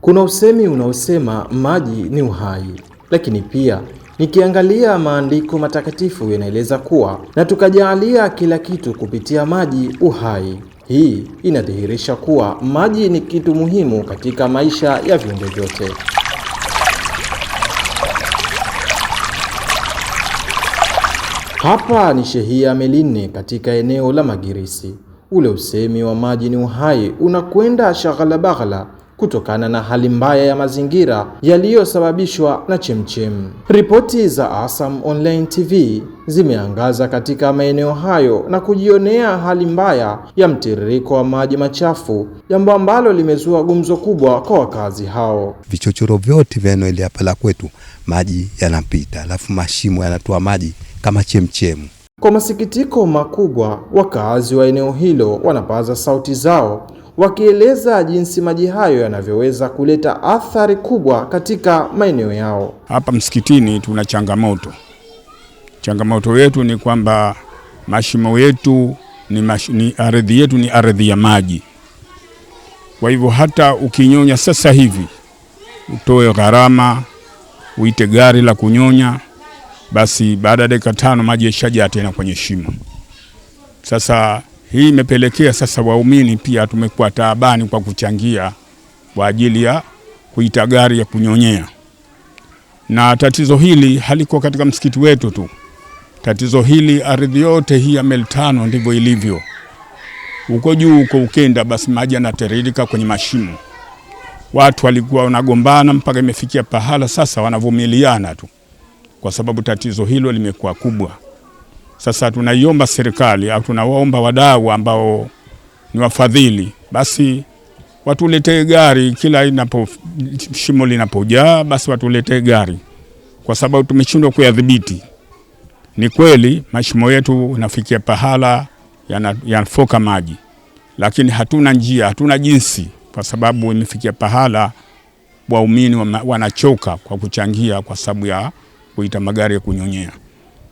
Kuna usemi unaosema maji ni uhai, lakini pia nikiangalia maandiko matakatifu yanaeleza kuwa na tukajaalia kila kitu kupitia maji uhai. Hii inadhihirisha kuwa maji ni kitu muhimu katika maisha ya viumbe vyote. Hapa ni shehia Melinne katika eneo la Magirisi. Ule usemi wa maji ni uhai unakwenda shaghala baghala kutokana na hali mbaya ya mazingira yaliyosababishwa na chemchem. Ripoti za Asam Online TV zimeangaza katika maeneo hayo na kujionea hali mbaya ya mtiririko wa maji machafu, jambo ambalo limezua gumzo kubwa kwa wakazi hao. Vichochoro vyote vya eneo hili hapa la kwetu maji yanapita, alafu mashimo yanatoa maji kama chemchemu. Kwa masikitiko makubwa, wakazi wa eneo hilo wanapaza sauti zao wakieleza jinsi maji hayo yanavyoweza kuleta athari kubwa katika maeneo yao. Hapa msikitini tuna changamoto. Changamoto yetu ni kwamba mashimo yetu ni, mash, ni ardhi yetu ni ardhi ya maji. Kwa hivyo hata ukinyonya sasa hivi utoe gharama uite gari la kunyonya, basi baada ya dakika tano maji yashajaa tena kwenye shimo. Sasa hii imepelekea sasa waumini pia tumekuwa taabani kwa kuchangia kwa ajili ya kuita gari ya kunyonyea, na tatizo hili haliko katika msikiti wetu tu. Tatizo hili ardhi yote hii ya Meltano tano ndivyo ilivyo. Uko juu huko ukenda, basi maji yanatiririka kwenye mashimo. Watu walikuwa wanagombana mpaka imefikia pahala sasa wanavumiliana tu, kwa sababu tatizo hilo limekuwa kubwa. Sasa tunaiomba serikali au tunawaomba wadau ambao ni wafadhili, basi watuletee gari kila inapo shimo linapojaa, basi watuletee gari, kwa sababu tumeshindwa kuyadhibiti. Ni kweli mashimo yetu nafikia pahala yanafoka ya maji, lakini hatuna njia, hatuna jinsi, kwa sababu imefikia pahala waumini wanachoka kwa kuchangia, kwa sababu ya kuita magari ya kunyonyea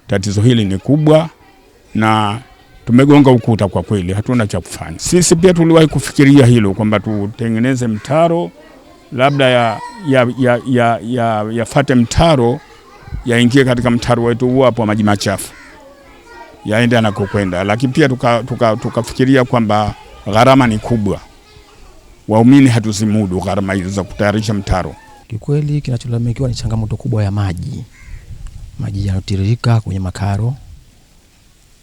tatizo hili ni kubwa na tumegonga ukuta kwa kweli, hatuna cha kufanya. Sisi pia tuliwahi kufikiria hilo kwamba tutengeneze mtaro labda ya, ya, ya, ya, ya, yafate mtaro yaingie katika mtaro wetu huo hapo, maji machafu yaende anakokwenda, lakini pia tukafikiria tuka, tuka kwamba gharama ni kubwa, waumini hatuzimudu gharama hizo za kutayarisha mtaro. Kikweli kinacholalamikiwa ni changamoto kubwa ya maji maji yanatiririka kwenye makaro,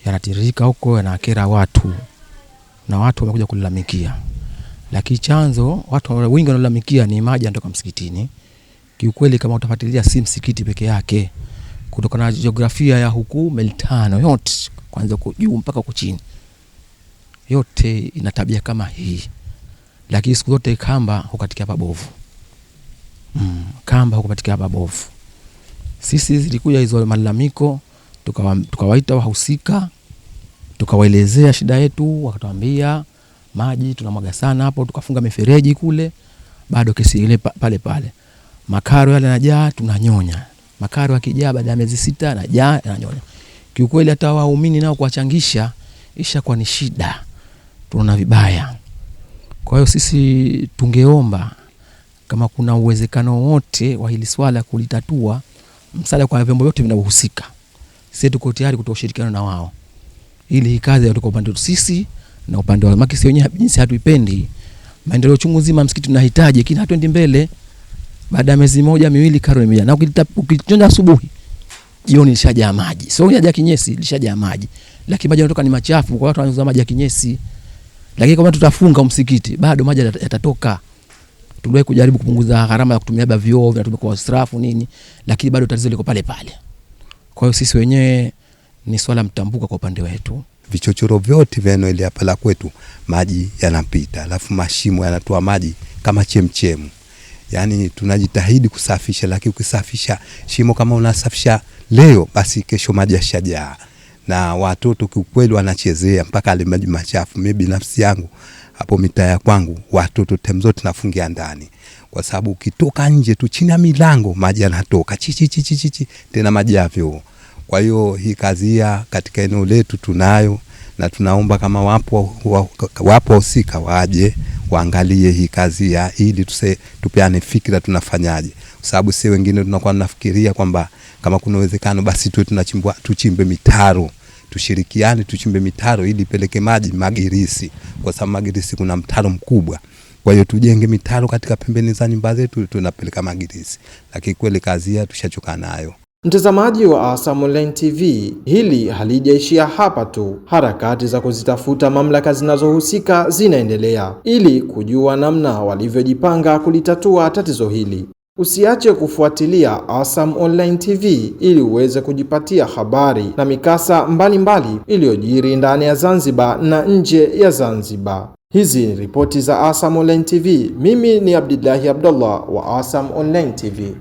yanatiririka huko, yanakera watu na watu wamekuja kulalamikia, lakini chanzo watu wengi wanalalamikia ni maji yanatoka msikitini. Kiukweli, kama utafuatilia, si msikiti peke yake, kutokana na jiografia ya huku Melitano yote, kwanza huko juu mpaka huko chini, yote ina tabia kama hii. Lakini siku zote kamba hukatikia pabovu. Mm, kamba hukupatikia pabovu sisi zilikuja hizo malalamiko, tukawaita tuka wahusika, tukawaelezea shida yetu, wakatuambia maji tunamwaga sana hapo, tukafunga mifereji kule, bado kesi ile pale pale, makaro yale yanajaa, tunanyonya makaro akijaa, baada ya miezi sita anajaa, yananyonya. Kiukweli hata waumini nao kuwachangisha isha kwa ni shida, tunaona vibaya. Kwa hiyo sisi tungeomba kama kuna uwezekano wote wa hili swala kulitatua msaada kwa vyombo vyote vinavyohusika. Sisi tuko tayari kutoa ushirikiano na wao ili hii kazi atoka upande wetu sisi na upande wa maki wenyewe, jinsi hatuipendi maendeleo chungu nzima msikiti tunahitaji, lakini hatuendi mbele. Baada ya miezi moja miwili, karo imeja na ukichonja asubuhi, jioni lishajaa maji, sio unajaa kinyesi, lishajaa maji, lakini maji yanatoka ni machafu, kwa watu wanauza maji ya kinyesi. Lakini kama tutafunga msikiti, bado maji yatatoka tuliwahi kujaribu kupunguza gharama ya kutumia labda vioo vinatumika kwa strafu nini, lakini bado tatizo liko pale pale. Kwa hiyo sisi wenyewe ni swala mtambuka kwa upande wetu, vichochoro vyote vya eneo hili hapa la kwetu maji yanapita, alafu mashimo yanatoa maji kama chemchemu. Yani tunajitahidi kusafisha, lakini ukisafisha shimo kama unasafisha leo, basi kesho maji yashajaa, na watoto kiukweli wanachezea mpaka alimaji machafu. Mimi binafsi yangu hapo mitaa ya kwangu watoto time zote nafungia ndani, kwa sababu ukitoka nje tu chini ya milango maji yanatoka chichi chichi chichi, tena maji yavyo Kwa hiyo hii kazi ya katika eneo letu tunayo, na tunaomba kama wapo wahusika waje waangalie hii kazi ya ili tuse, tupeane fikira tunafanyaje, kwa sababu si wengine tunakuwa tunafikiria kwamba kama kuna uwezekano basi tuwe tunachimbwa tuchimbe mitaro tushirikiane, tuchimbe mitaro ili peleke maji Magirisi, kwa sababu Magirisi kuna mtaro mkubwa. Kwa hiyo tujenge mitaro katika pembeni za nyumba zetu, tunapeleka Magirisi. Lakini kweli kazi ya tushachoka nayo. Mtazamaji wa ASAM Online TV, hili halijaishia hapa tu. Harakati za kuzitafuta mamlaka zinazohusika zinaendelea ili kujua namna walivyojipanga kulitatua tatizo hili. Usiache kufuatilia ASAM Online TV ili uweze kujipatia habari na mikasa mbalimbali iliyojiri ndani ya Zanzibar na nje ya Zanzibar. Hizi ni ripoti za ASAM Online TV. Mimi ni Abdillahi Abdullah wa ASAM Online TV.